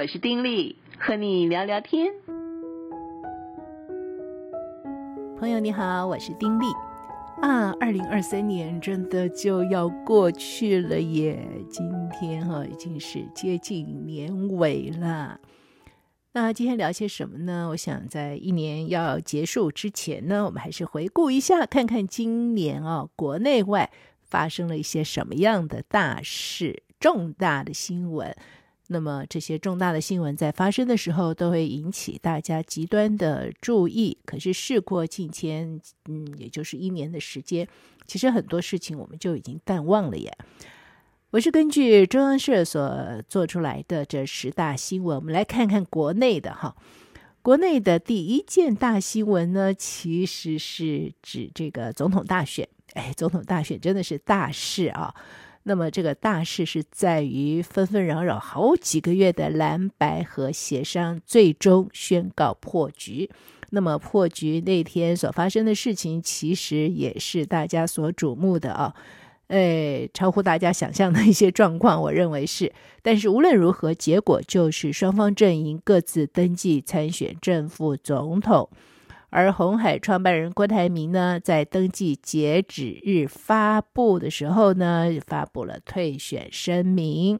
我是丁莉，和你聊聊天。朋友你好，我是丁莉啊。二零二三年真的就要過去了耶，今天哈、哦、已經是接近年尾了。那今天聊些什麼呢？我想在一年要結束之前呢，我們還是回顧一下，看看今年啊、哦、國內外發生了一些什麼樣的大事、重大的新聞。那麼這些重大的新聞在發生的時候都會引起大家極端的注意。可是事過境遷，嗯，也就是一年的時間，其實很多事情我們就已經淡忘了耶。我是根據中央社所做出來的這十大新聞，我們來看看國內的哈。國內的第一件大新聞呢，其實是指這個總統大選。哎，總統大選真的是大事啊。那麼，這個大事是在於紛紛擾擾好幾個月的藍白合協商最終宣告破局。那麼破局那天所發生的事情，其實也是大家所矚目的啊，誒，超乎大家想象的一些狀況，我認為是。但是無論如何，結果就是雙方陣營各自登記參選正副總統。而鴻海創辦人郭台銘呢，在登記截止日發布的時候呢，發布了退選聲明。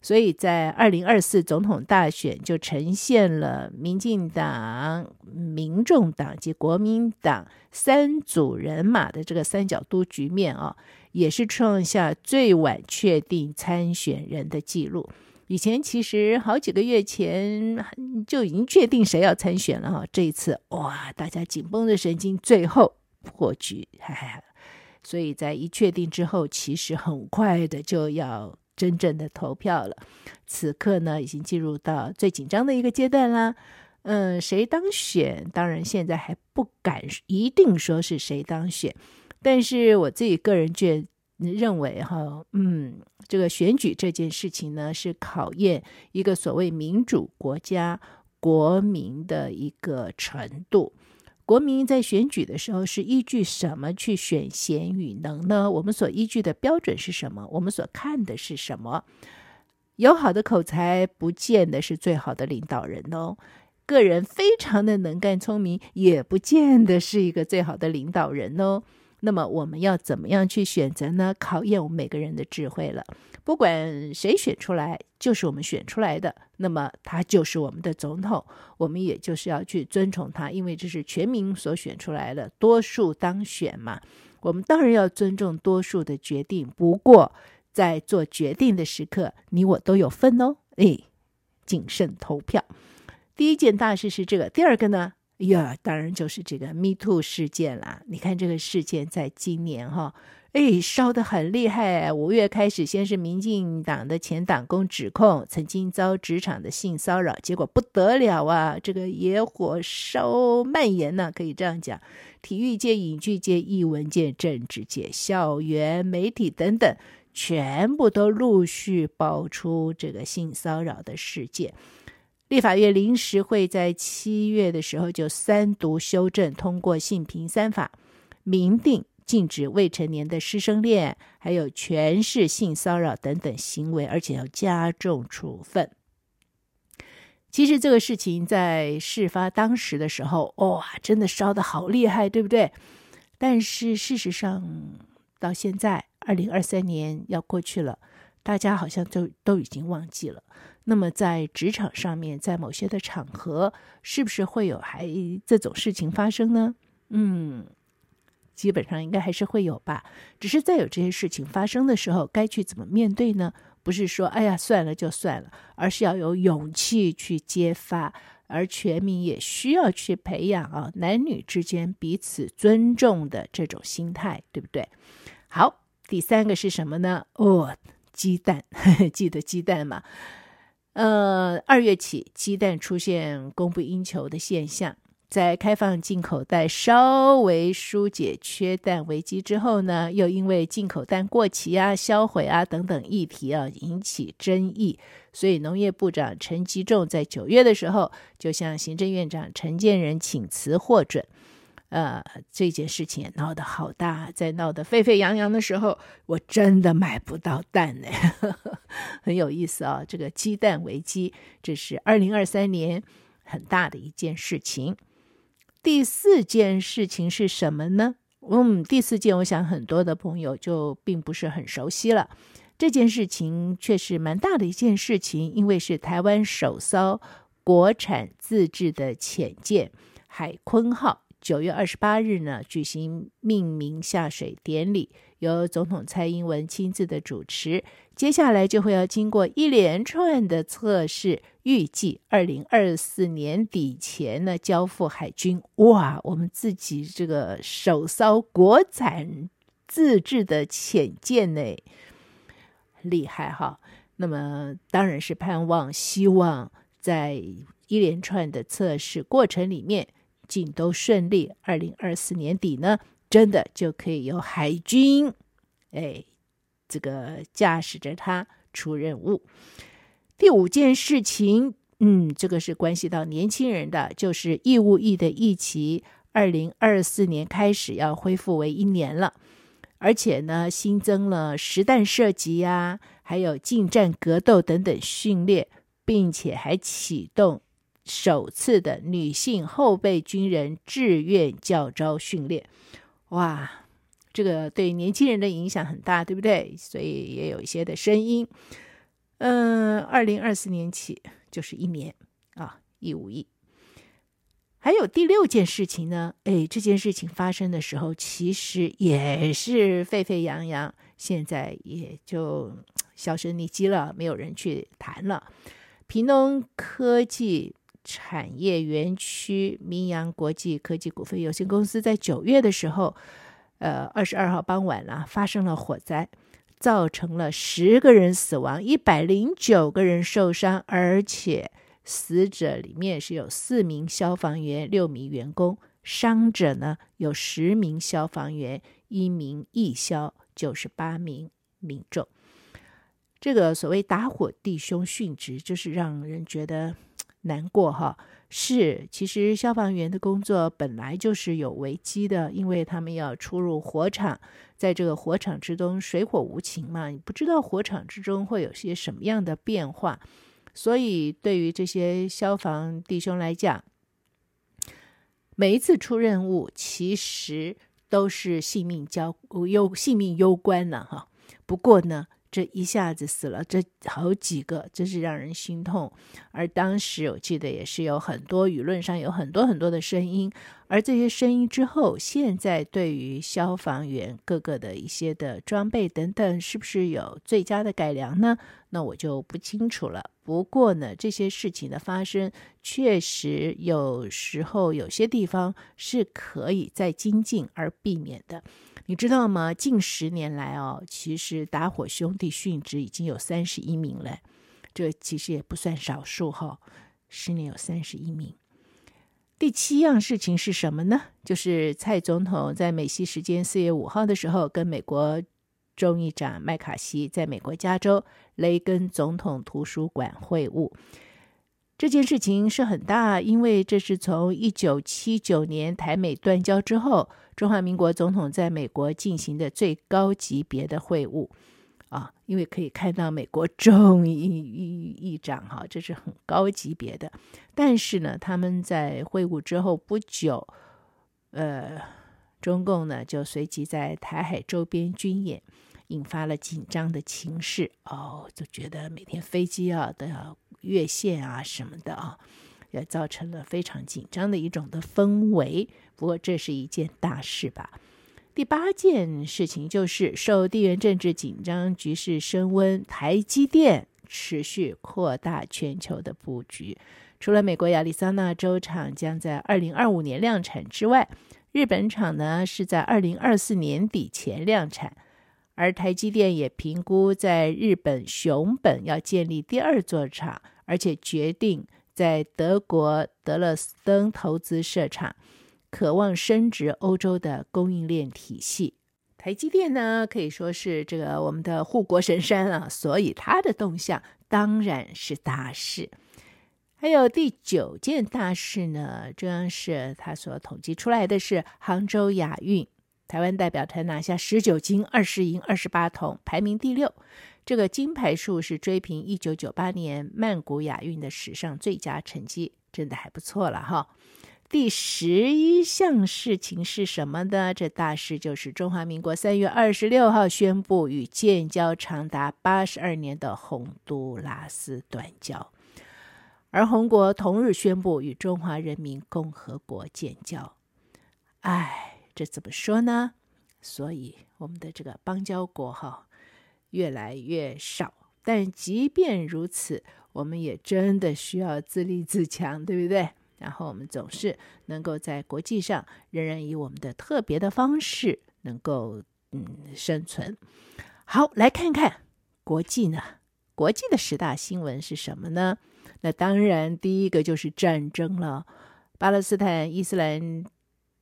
所以在二零二四總統大選就呈現了民進黨、民眾黨及國民黨三組人馬的這個三腳督局面啊、哦，也是創下最晚確定參選人的記錄。以前其實好幾個月前就已經確定誰要參選了哈、哦，這一次哇，大家緊繃的神經最後破局，哎、所以，在一確定之後，其實很快的就要真正的投票了。此刻呢，已經進入到最緊張的一個階段啦。嗯，誰當選？當然現在還不敢一定說是誰當選，但是我自己個人覺得。認為哈，嗯，這個選舉這件事情呢，是考驗一個所謂民主國家國民的一個程度。國民在選舉的時候是依據什麼去選賢與能呢？我們所依據的標準是什麼？我們所看的是什麼？有好的口才，不見得是最好的領導人哦。個人非常的能幹聰明，也不見得是一個最好的領導人哦。那麼我們要怎麼樣去選擇呢？考驗我們每個人的智慧了。不管誰選出來，就是我們選出來的，那麼他就是我們的總統，我們也就是要去尊崇他，因為這是全民所選出來的，多數當選嘛。我們當然要尊重多數的決定。不過在做決定的時刻，你我都有份哦。哎，謹慎投票。第一件大事是這個，第二個呢？呀，yeah, 當然就是這個 “Me Too” 事件啦。你看這個事件在今年哈，哎，燒得很厲害。五月開始，先是民進黨的前黨工指控曾經遭職場的性騷擾，結果不得了啊！這個野火燒蔓延呢、啊，可以這樣講：體育界、影劇界、藝文界、政治界、校園、媒體等等，全部都陸續爆出這個性騷擾的事件。立法院臨時會在七月的時候就三讀修正通過《性平三法》，明定禁止未成年的師生戀，還有權勢性騷擾等等行為，而且要加重處分。其實這個事情在事發當時的時候，哇，真的燒得好厲害，對不對？但是事實上，到現在，二零二三年要過去了，大家好像都都已經忘記了。那麼在職場上面，在某些的場合，是不是會有還這種事情發生呢？嗯，基本上應該還是會有吧。只是在有這些事情發生的時候，該去怎麼面對呢？不是說哎呀算了就算了，而是要有勇氣去揭發，而全民也需要去培養啊，男女之間彼此尊重的這種心態，對不對？好，第三個是什麼呢？哦，雞蛋，呵呵記得雞蛋嗎？呃，二月起，雞蛋出現供不應求的現象，在開放進口蛋稍微疏解缺蛋危機之後呢，又因為進口蛋過期啊、銷毀啊等等議題啊，引起爭議，所以農業部長陳吉仲在九月的時候就向行政院長陳建仁請辭獲准。呃，這件事情也鬧得好大，在鬧得沸沸揚揚的時候，我真的買不到蛋呢，哎呵呵，很有意思啊，哦。這個雞蛋危機，這是二零二三年很大的一件事情。第四件事情是什麼呢？嗯，第四件，我想很多的朋友就並不是很熟悉了。這件事情確實蠻大的一件事情，因為是台灣首艘國產自制的潛艦“海鯤號”。九月二十八日呢，舉行命名下水典禮，由總統蔡英文親自的主持。接下來就會要經過一連串的測試，預計二零二四年底前呢，交付海軍。哇，我們自己這個首艘國產自制的潛艦呢，厲害哈！那麼，當然是盼望希望在一連串的測試過程裡面。盡都順利，二零二四年底呢，真的就可以由海軍，哎，這個駕駛着它出任務。第五件事情，嗯，這個是關係到年輕人的，就是義務役的役期，二零二四年開始要恢復為一年了，而且呢，新增了實彈射擊呀、啊，還有近戰格鬥等等訓練，並且還啟動。首次的女性後備軍人志願教招訓練，哇，這個對年輕人的影響很大，對不對？所以也有一些的聲音。嗯、呃，二零二四年起就是一年啊，一五一。還有第六件事情呢？哎，這件事情發生的時候其實也是沸沸揚揚，現在也就銷聲匿跡了，沒有人去談了。平東科技。產業園區明揚國際科技股份有限公司在九月的時候，呃，二十二號傍晚呢，發生了火災，造成了十個人死亡，一百零九個人受傷，而且死者裡面是有四名消防員，六名員工，傷者呢有十名消防員，一名義消，九十八名民眾。這個所謂打火弟兄殉職，就是讓人覺得。難過哈，是，其實消防員的工作本來就是有危機的，因為他們要出入火場，在這個火場之中，水火無情嘛，你不知道火場之中會有些什麼樣的變化，所以對於這些消防弟兄來講，每一次出任務，其實都是性命交憂，性命攸關了哈。不過呢。這一下子死了這好幾個，真是讓人心痛。而當時我記得也是有很多輿論上有很多很多的聲音，而這些聲音之後，現在對於消防員各個的一些的裝備等等，是不是有最佳的改良呢？那我就不清楚了。不過呢，這些事情的發生，確實有時候有些地方是可以再精進而避免的。你知道嗎？近十年來哦，其實打火兄弟殉職已經有三十一名了，這其實也不算少數哈、哦。十年有三十一名。第七樣事情是什麼呢？就是蔡總統在美西時間四月五號的時候，跟美國眾議長麥卡錫在美國加州雷根總統圖書館會晤。這件事情是很大，因為這是從一九七九年台美斷交之後，中華民國總統在美國進行的最高級別的會晤，啊，因為可以看到美國眾議院議長，哈，這是很高級別的。但是呢，他們在會晤之後不久，呃，中共呢就隨即在台海周邊軍演，引發了緊張的情勢，哦，就覺得每天飛機啊都要。月線啊什麼的啊，也造成了非常緊張的一種的氛圍。不過這是一件大事吧。第八件事情就是受地緣政治緊張局勢升溫，台積電持續擴大全球的布局。除了美國亞利桑那州廠將在二零二五年量產之外，日本廠呢是在二零二四年底前量產。而台積電也評估在日本熊本要建立第二座廠，而且決定在德國德勒斯登投資設廠，渴望升級歐洲的供應鏈體系。台積電呢，可以說是這個我們的護國神山啊，所以它的動向當然是大事。還有第九件大事呢，中央社它所統計出來的是杭州亞運。台灣代表團拿下十九金、二十銀、二十八銅，排名第六。這個金牌數是追平一九九八年曼谷亞運的史上最佳成績，真的還不錯了哈。第十一項事情是什麼呢？這大事就是中華民國三月二十六號宣布與建交長達八十二年的洪都拉斯斷交，而洪國同日宣布與中華人民共和國建交。哎。這怎麼說呢？所以我們的這個邦交國哈越來越少。但即便如此，我們也真的需要自立自強，對不對？然後我們總是能夠在國際上仍然以我們的特別的方式能夠嗯生存。好，來看看國際呢？國際的十大新聞是什麼呢？那當然，第一個就是戰爭了，巴勒斯坦、伊斯蘭，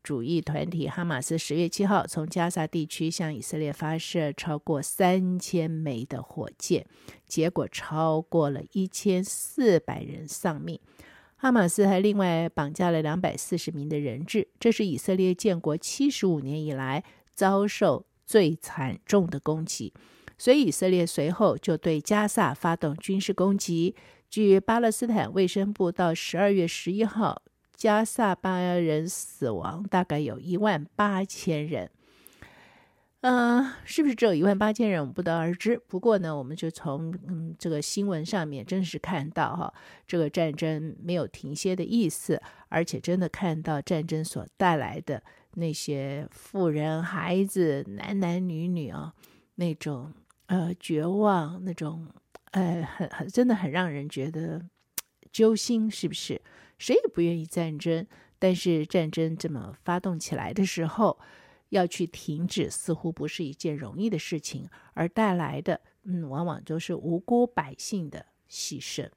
主義團體哈馬斯十月七號從加沙地區向以色列發射超過三千枚的火箭，結果超過了一千四百人喪命。哈馬斯還另外綁架了兩百四十名的人質，這是以色列建國七十五年以來遭受最慘重的攻擊。所以以色列隨後就對加沙發動軍事攻擊。據巴勒斯坦衛生部到十二月十一號。加薩巴人死亡大概有一萬八千人，嗯、呃，是不是只有一萬八千人？我們不得而知。不過呢，我們就從嗯這個新聞上面，真是看到哈、啊，這個戰爭沒有停歇的意思，而且真的看到戰爭所帶來的那些富人、孩子、男男女女啊，那種呃絕望，那種呃、哎、很很真的很讓人覺得。揪心，是不是？誰也不願意戰爭，但是戰爭這麼發動起來的時候，要去停止似乎不是一件容易的事情，而帶來的，嗯，往往都是無辜百姓的犧牲。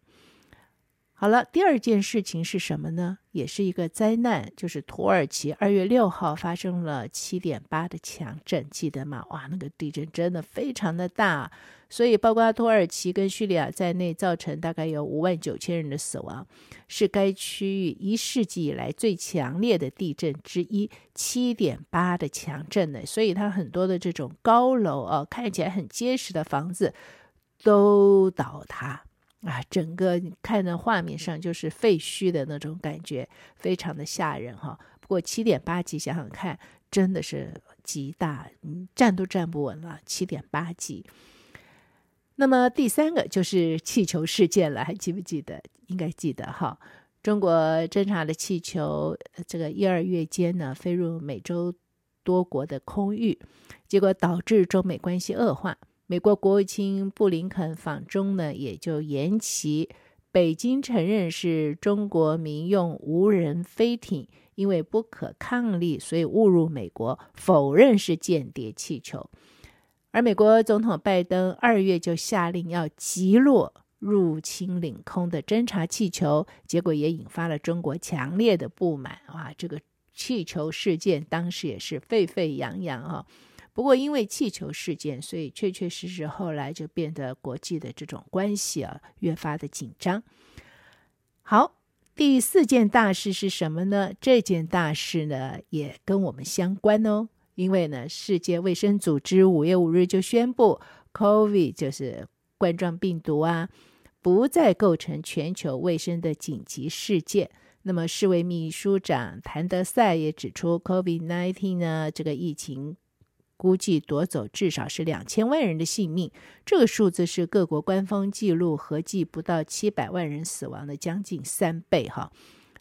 好了，第二件事情是什麼呢？也是一個災難，就是土耳其二月六號發生了七點八的強震，記得嗎？哇，那個地震真的非常的大，所以包括土耳其跟敘利亞在內，造成大概有五萬九千人的死亡，是該區域一世紀以來最強烈的地震之一，七點八的強震呢，所以它很多的這種高樓啊，看起來很結實的房子都倒塌。啊，整個你看的畫面上就是廢墟的那種感覺，非常的嚇人哈。不過七點八級，想想看，真的是極大，站都站不穩了，七點八級。那麼第三個就是氣球事件了，還記不記得？應該記得哈。中國偵察的氣球，這個一二月間呢，飛入美洲多國的空域，結果導致中美關係惡化。美國國務卿布林肯訪中呢，也就延期。北京承認是中國民用無人飛艇，因為不可抗力，所以誤入美國，否認是間諜氣球。而美國總統拜登二月就下令要擊落入侵領空的偵察氣球，結果也引發了中國強烈的不滿啊！這個氣球事件當時也是沸沸揚揚啊。不過，因為氣球事件，所以確確實實後來就變得國際的這種關係啊，越發的緊張。好，第四件大事是什麼呢？這件大事呢，也跟我們相關哦，因為呢，世界衛生組織五月五日就宣布，COVID 就是冠狀病毒啊，不再構成全球衛生的緊急事件。那麼，世衛秘書長譚德塞也指出，COVID-19 呢，這個疫情。估計奪走至少是兩千萬人的性命，這個數字是各國官方記錄合計不到七百萬人死亡的將近三倍哈。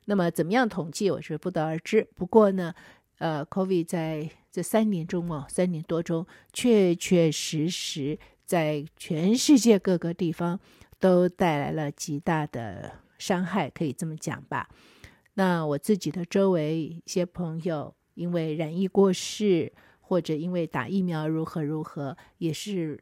那麼怎麼樣統計，我是不得而知。不過呢，呃，COVID 在這三年中，三年多中，確確實實在全世界各個地方都帶來了極大的傷害，可以這麼講吧。那我自己的周圍一些朋友因為染疫過世。或者因為打疫苗如何如何也是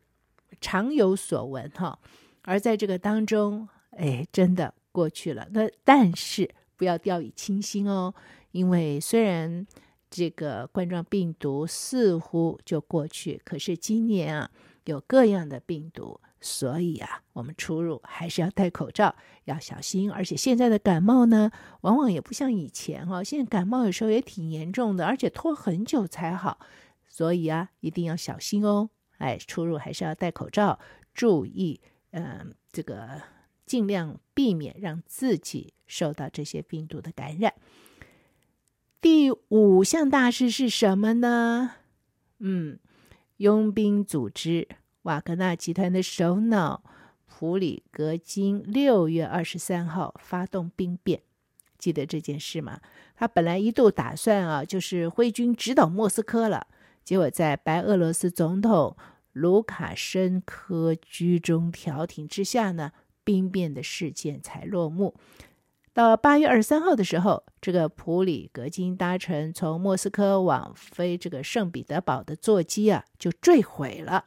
常有所聞哈、哦，而在這個當中，哎，真的過去了。那但是不要掉以輕心哦，因為雖然這個冠狀病毒似乎就過去，可是今年啊有各樣的病毒，所以啊我們出入還是要戴口罩，要小心。而且現在的感冒呢，往往也不像以前哈、哦，現在感冒有時候也挺嚴重的，而且拖很久才好。所以啊，一定要小心哦！哎，出入還是要戴口罩，注意，嗯，這個盡量避免讓自己受到這些病毒的感染。第五項大事是什麼呢？嗯，傭兵組織瓦格納集團的首腦普里格金六月二十三號發動兵變，記得這件事嗎？他本來一度打算啊，就是揮軍直搗莫斯科了。結果，在白俄羅斯總統盧卡申科居中調停之下呢，兵變的事件才落幕。到八月二十三號的時候，這個普里格金搭乘從莫斯科往飛這個聖彼得堡的座機啊，就墜毀了。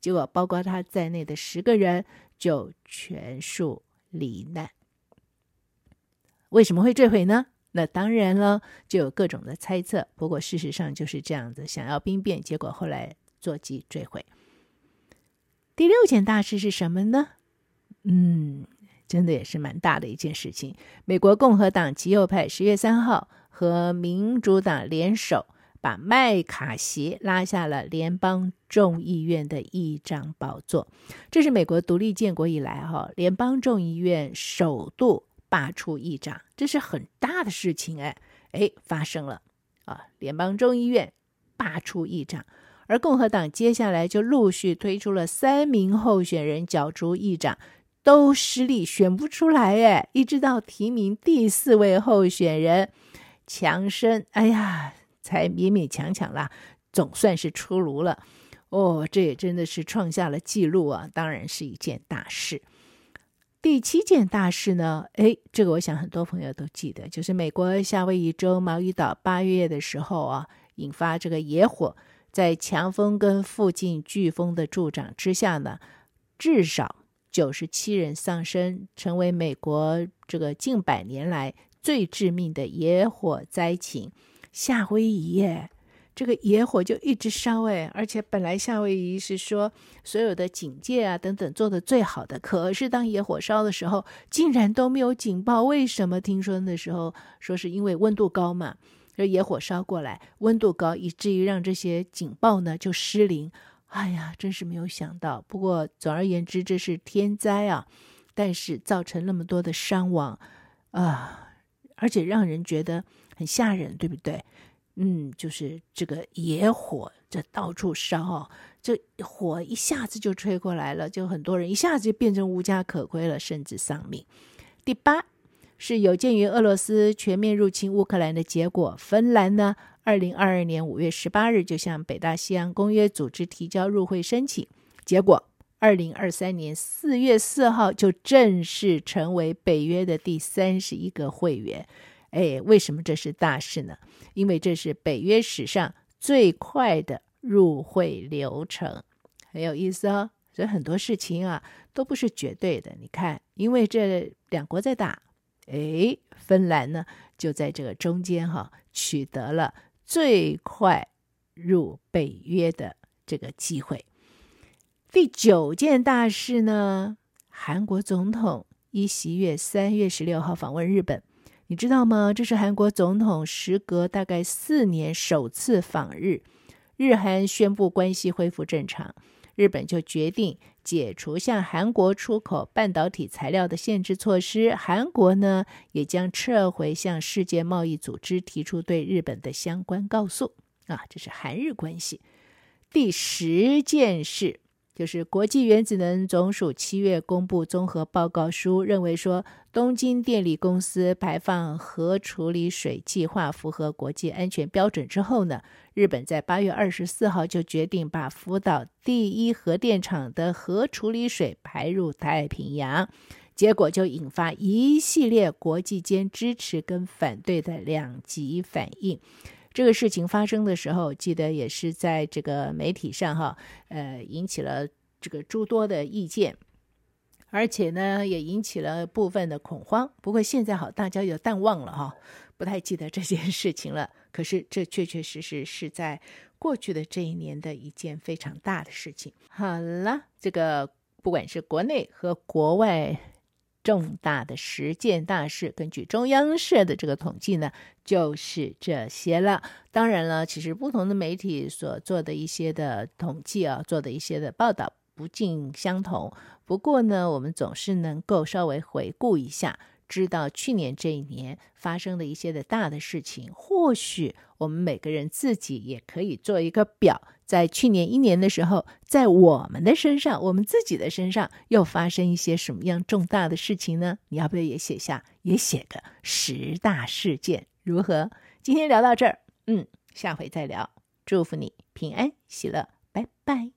結果，包括他在內的十個人就全數罹難。為什麼會墜毀呢？那當然了，就有各種的猜測。不過事實上就是這樣子，想要兵變，結果後來座機墜毀。第六件大事是什麼呢？嗯，真的也是蠻大的一件事情。美國共和黨極右派十月三號和民主黨聯手，把麥卡錫拉下了聯邦眾議院的議長寶座。這是美國獨立建國以來哈聯邦眾議院首度。罷出議長，這是很大的事情哎哎，發生了啊！聯邦眾議院罷出議長，而共和黨接下來就陸續推出了三名候選人角逐議長，都失利，選不出來哎，一直到提名第四位候選人強生，哎呀，才勉勉強強啦，總算是出爐了哦，這也真的是創下了記錄啊，當然是一件大事。第七件大事呢？誒，這個我想很多朋友都記得，就是美國夏威夷州毛伊島八月的時候啊，引發這個野火，在強風跟附近颶風的助長之下呢，至少九十七人喪生，成為美國這個近百年來最致命的野火災情，夏威夷耶。這個野火就一直燒哎，而且本來夏威夷是說所有的警戒啊等等做得最好的，可是當野火燒的時候，竟然都沒有警報。為什麼？聽說那時候說是因為溫度高嘛，而野火燒過來溫度高，以至於讓這些警報呢就失靈。哎呀，真是沒有想到。不過總而言之，這是天災啊，但是造成那麼多的傷亡，啊、呃，而且讓人覺得很嚇人，對不對？嗯，就是這個野火，這到處燒，這火一下子就吹過來了，就很多人一下子就變成無家可歸了，甚至喪命。第八是有鑑於俄羅斯全面入侵烏克蘭的結果，芬蘭呢，二零二二年五月十八日就向北大西洋公約組織提交入會申請，結果二零二三年四月四號就正式成為北約的第三十一個會員。哎，為什麼這是大事呢？因為這是北約史上最快的入會流程，很有意思哦。所以很多事情啊都不是絕對的。你看，因為這兩國在打，哎，芬蘭呢就在這個中間哈、啊，取得了最快入北約的這個機會。第九件大事呢，韓國總統尹錫悅三月十六號訪問日本。你知道嗎？這是韓國總統時隔大概四年首次訪日，日韓宣布關係恢復正常，日本就決定解除向韓國出口半導體材料的限制措施，韓國呢也將撤回向世界貿易組織提出對日本的相關告訴。啊，這是韓日關係。第十件事，就是國際原子能總署七月公布綜合報告書，認為說。東京電力公司排放核處理水計劃符合國際安全標準之後呢，日本在八月二十四號就決定把福島第一核電廠的核處理水排入太平洋，結果就引發一系列國際間支持跟反對的兩極反應。這個事情發生的時候，記得也是在這個媒體上哈，呃，引起了這個諸多的意見。而且呢，也引起了部分的恐慌。不過現在好，大家又淡忘了哈、哦，不太記得這件事情了。可是這確確實實是在過去的這一年的一件非常大的事情。好了，這個不管是國內和國外重大的十件大事，根據中央社的這個統計呢，就是這些了。當然了，其實不同的媒體所做的一些的統計啊，做的一些的報道。不盡相同，不過呢，我們總是能夠稍微回顧一下，知道去年這一年發生的一些的大的事情。或許我們每個人自己也可以做一個表，在去年一年的時候，在我們的身上，我們自己的身上又發生一些什麼樣重大的事情呢？你要不要也寫下，也寫個十大事件，如何？今天聊到這兒，嗯，下回再聊。祝福你平安喜樂，拜拜。